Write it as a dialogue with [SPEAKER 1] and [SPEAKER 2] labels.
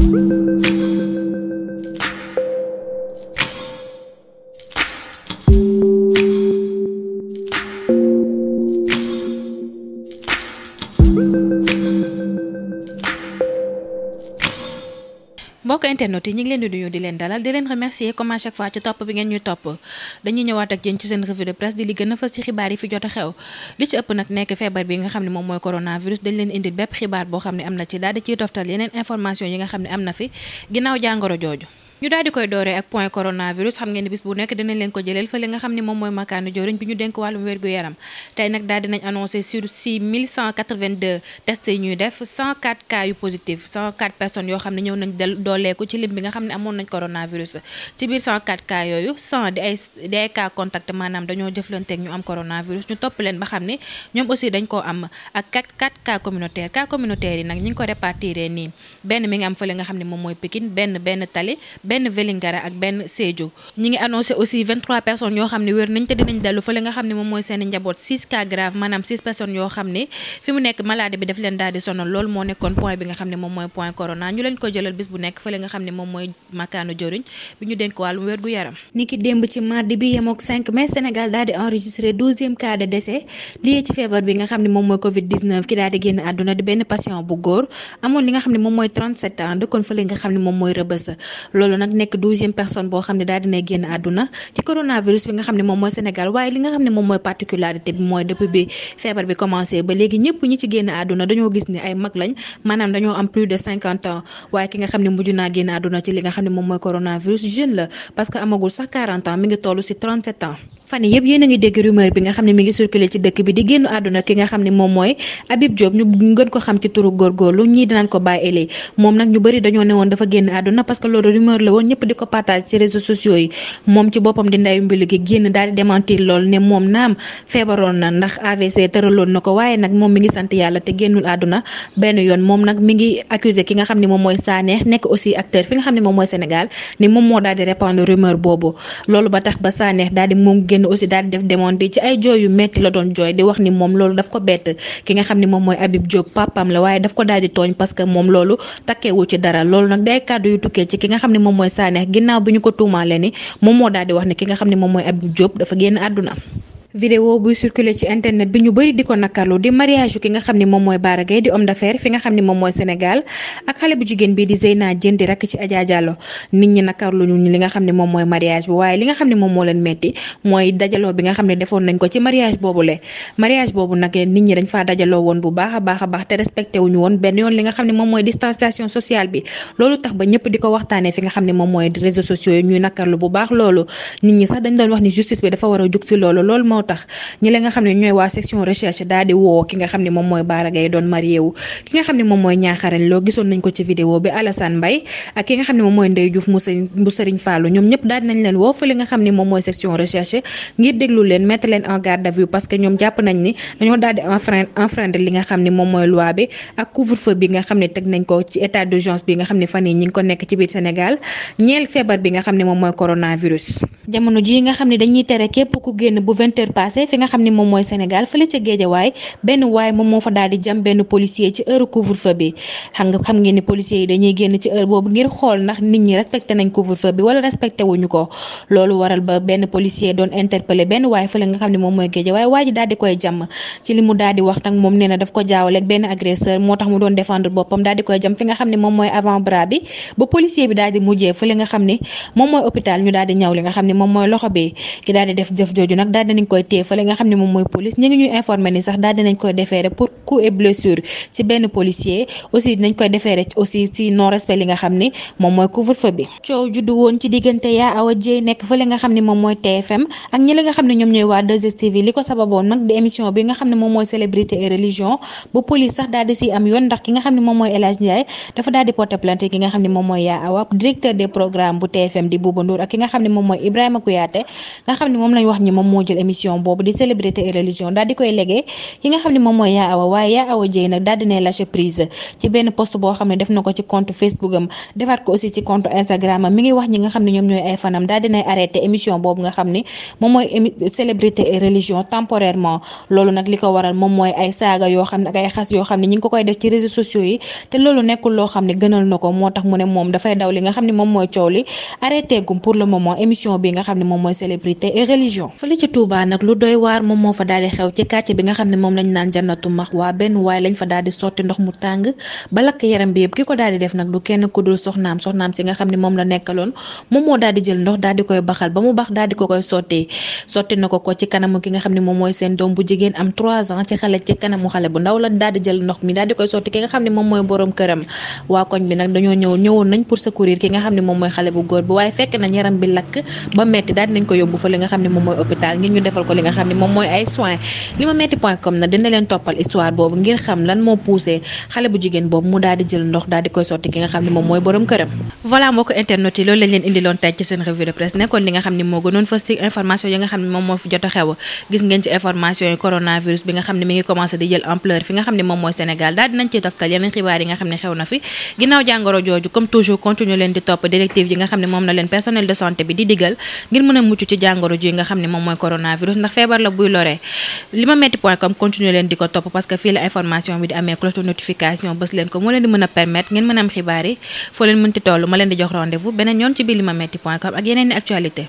[SPEAKER 1] Música mbokk internet yi ñu leen di nuyu di leen dalal di leen remercier comme à chaque fois ci topp bi ngeen ñuy topp dañuy ñëwaat ak yéen ci seen revue de presse di li gën a ci xibaar yi fi jot a xew li ci ëpp nag nekk feebar bi nga xam ne moom mooy coronavirus dañ leen indil bépp xibaar boo xam ne am na ci daal di ciy toftal yeneen information yi nga xam ne am na fi ginnaaw jàngoro jooju ñu daal di koy dooree ak point coronavirus xam ngeen ne bis bu nekk dinañ leen ko jëleel fële nga xam ne moom mooy makaanu joriñ bi ñu dénk wàllum wér-gu-yaram tey nag daal dinañ annoncé sur 6182 tests yi ñuy def cas yu positif 104 personnes yoo xam ne ñëw nañ dooleeku ci lim bi nga xam ne amoon nañ coronavirus ci biir 104 cas yooyu 100 di ay cas contact maanaam dañoo jëflanteeg ñu am coronavirus ñu topp leen ba xam ne ñoom aussi dañ koo am ak 4 yi nag ñi ngi ko répartiree nii xam ne moom mooy Pikine benn benn benn Vélingara ak benn Sédhiou ñi ngi annoncé aussi 23 personnes yoo xam ne wér nañ te dinañ dellu fële nga xam ne moom mooy seen njaboot 6 cas grave maanaam 6 personnes yoo xam ne fi mu nekk maladie bi daf leen daal di loolu moo nekkoon point bi nga xam ne moom mooy point corona ñu leen ko jëlal bis bu nekk fële nga nga xam ne moom mooy covid 19 ki daal génn àdduna di benn patient bu góor amoon li nga xam ne moom mooy 37 ans nag nekk douzième personne boo xam ne daal dina génn àdduna ci coronavirus bi nga xam ne moom mooy Sénégal waaye li nga xam ne moom mooy particularité bi mooy depuis bi feebar bi commencé ba léegi ñëpp ñi ci génn àdduna dañoo gis ni ay mag lañ maanaam dañoo am plus de cinquante ans waaye ki nga xam ne mujj naa génn àdduna ci li nga xam ne moom mooy coronavirus jeune la parce que amagul sax quarante ans mi ngi toll si trente sept ans fan yëpp yéen a ngi dégg rumeur bi nga xam ne mi ngi circulé ci dëkk bi di génn àdduna ki nga xam ne moom mooy Habib la woon ñëpp di ko partage ci réseaux sociaux yi moom ci boppam di ndayu mooy Sané nekk aussi acteur fi nga xam ne moom mooy Sénégal ni moom moo daal di répandre rumeur boobu loolu ba tax ba Sané daal di moom génn génn aussi daal di def démonté ci ay jooy yu metti la doon jooy di wax ni moom loolu daf ko bett ki nga xam ne moom mooy Habib Diop papam la waaye daf ko daal di tooñ parce que moom loolu takkeewu ci dara loolu nag day kàddu yu tukkee ci ki nga xam ne moom mooy Sanex ginnaaw bi ñu ko tuumaale ni moom moo daal di wax ne ki nga xam ne moom mooy Habib Diop dafa génn àdduna vidéo buy circulé ci internet bi ñu bëri di ko nakkarlu di mariage yu ki nga xam ni moom mooy Bara Gaye di homme d'affaires fi nga xam ni moom mooy Sénégal ak xale bu jigéen bii di Zeyna Diène di rakk ci Adja nit ñi ñu li nga xam ne moom mooy mariage bi waaye nga xam ne moom moo leen metti mooy dajaloo bi nga xam ne defoon nañ ko ci mariage boobu le mariage boobu nag nit ñi dañ faa dajaloo woon bu baax a baax a baax te respecté wuñu woon benn yoon li nga xam ne moom mooy distanciation sociale bi loolu tax ba ñëpp di ko waxtaanee fi nga xam ne moom mooy réseaux sociaux yi ñuy nakkarlu bu baax loolu nit ñi sax dañ doon wax ni justice war a jug ci loolu moo tax ñi la nga xam ne ñooy waa section recherche daal di woo ki nga xam ne moom mooy Bara Gaye doon marié ki nga xam ne moom mooy ñaaxarañ loo gisoon nañ ko ci vidéo bi Alassane Mbaye ak ki nga xam ne moom mooy section recherche ngir déglu leen mettre leen en garde à parce que ñoom jàpp nañ ni dañoo daal di enfreindre li nga xam ne moom mooy loi bi ak couvre-feu bi nga xam ne teg nañ ko ci état d'urgence bi nga xam ne fan ñi ngi ko passé fi nga xam ne moom mooy Sénégal fële ca ci ko loolu ba benn policier doon interpellé benn waay Géejawaay benn agresseur moo tax mu doon défendre boppam daal di koy jam fi nga xam ne moom mooy avant bras nga xam ne moom mooy hôpital ñu daal di ñaw nga xam ne moom mooy loxo bi ki daal di def jëf jooju nag daal dinañ koy koy TFM ak ñi li nga xam ne ñoom ñooy waa 2STV li ko sababoon nag di émission bi nga xam ne moom mooy célébrité et religion ba police sax daal di si am yoon ndax ki nga xam ne moom mooy El Hadj dafa daal di porter plainte ki nga xam ne moom mooy Yaa Awa directeur des programmes bu TFM di Bouba Ndour ak ki nga xam ne moom mooy wax ni moom moo jël émission institution boobu di célébrité et religion daal di koy legee ki nga xam ne moom mooy yaa awa waaye yaa awa jéy nag daal di ne prise ci benn post boo xam ne def na ko ci compte facebook am defaat ko aussi instagram mi ngi wax ñi nga xam ne ñoom ñooy ay fanam daal dinay arrêté émission boobu nga xam ne moom mooy célébrité et religion temporairement loolu nag li ko waral moom mooy ay saaga yoo xam ne ak ay yoo xam ne ñi ngi ko koy def ci réseaux sociaux yi te loolu nekkul loo xam ne gënal na ko moo tax mu ne moom dafay daw li nga xam ne moom mooy coow li arrêté gum pour bi nga xam ne moom mooy célébrité et religion lu doy waar moom moo fa daal di xew ci quartier bi nga xam ne moom lañ naan jannatu maxwa benn waaye lañ fa daal di daal di def nag du kenn ku dul soxnaam soxnaam si nga xam ne moom la nekkaloon moom moo daal di jël ndox daal di koy baxal ba mu bax daal di ko koy sottee ko ko ci kanamu ki nga moom mooy seen doom bu jigéen am 3 ans ci xale ci kanamu xale bu ndaw la daal di jël ndox mi daal di koy sotti ki nga xam ne moom mooy borom këram waa koñ bi nag dañoo ñëw ñëwoon nañ xale bu góor bi waaye fekk nañ yaram bi lakk ba metti daal di nañ ko yóbbu fa li nga xam ne moom mooy hôpital ngir ñu defal ko li nga xam ne moom mooy ay soins li ma metti point com na dina leen toppal histoire boobu ngir xam lan moo poussé xale bu jigéen boobu mu daal di jël ndox daal di koy sotti ki nga xam ne moom mooy jot a xew gis ngeen ci information yi coronavirus bi nga xam ne moom mooy Sénégal daal dinañ ciy toftal yeneen xibaar yi nga xam ne xew na fi ginnaaw jàngoro jooju comme toujours continue leen di topp directive yi nga xam ne moom na leen personnel de santé ndax feebar la buy lore li ma metti point com continuer leen di ko topp parce que fii la information bi di amee cloche notification bés leen ko moo leen di mën a permettre ngeen mën a am xibaar yi foo leen mënti toll ma leen di jox rendez-vous beneen yoon ci biir li metti point com ak yeneen i actualité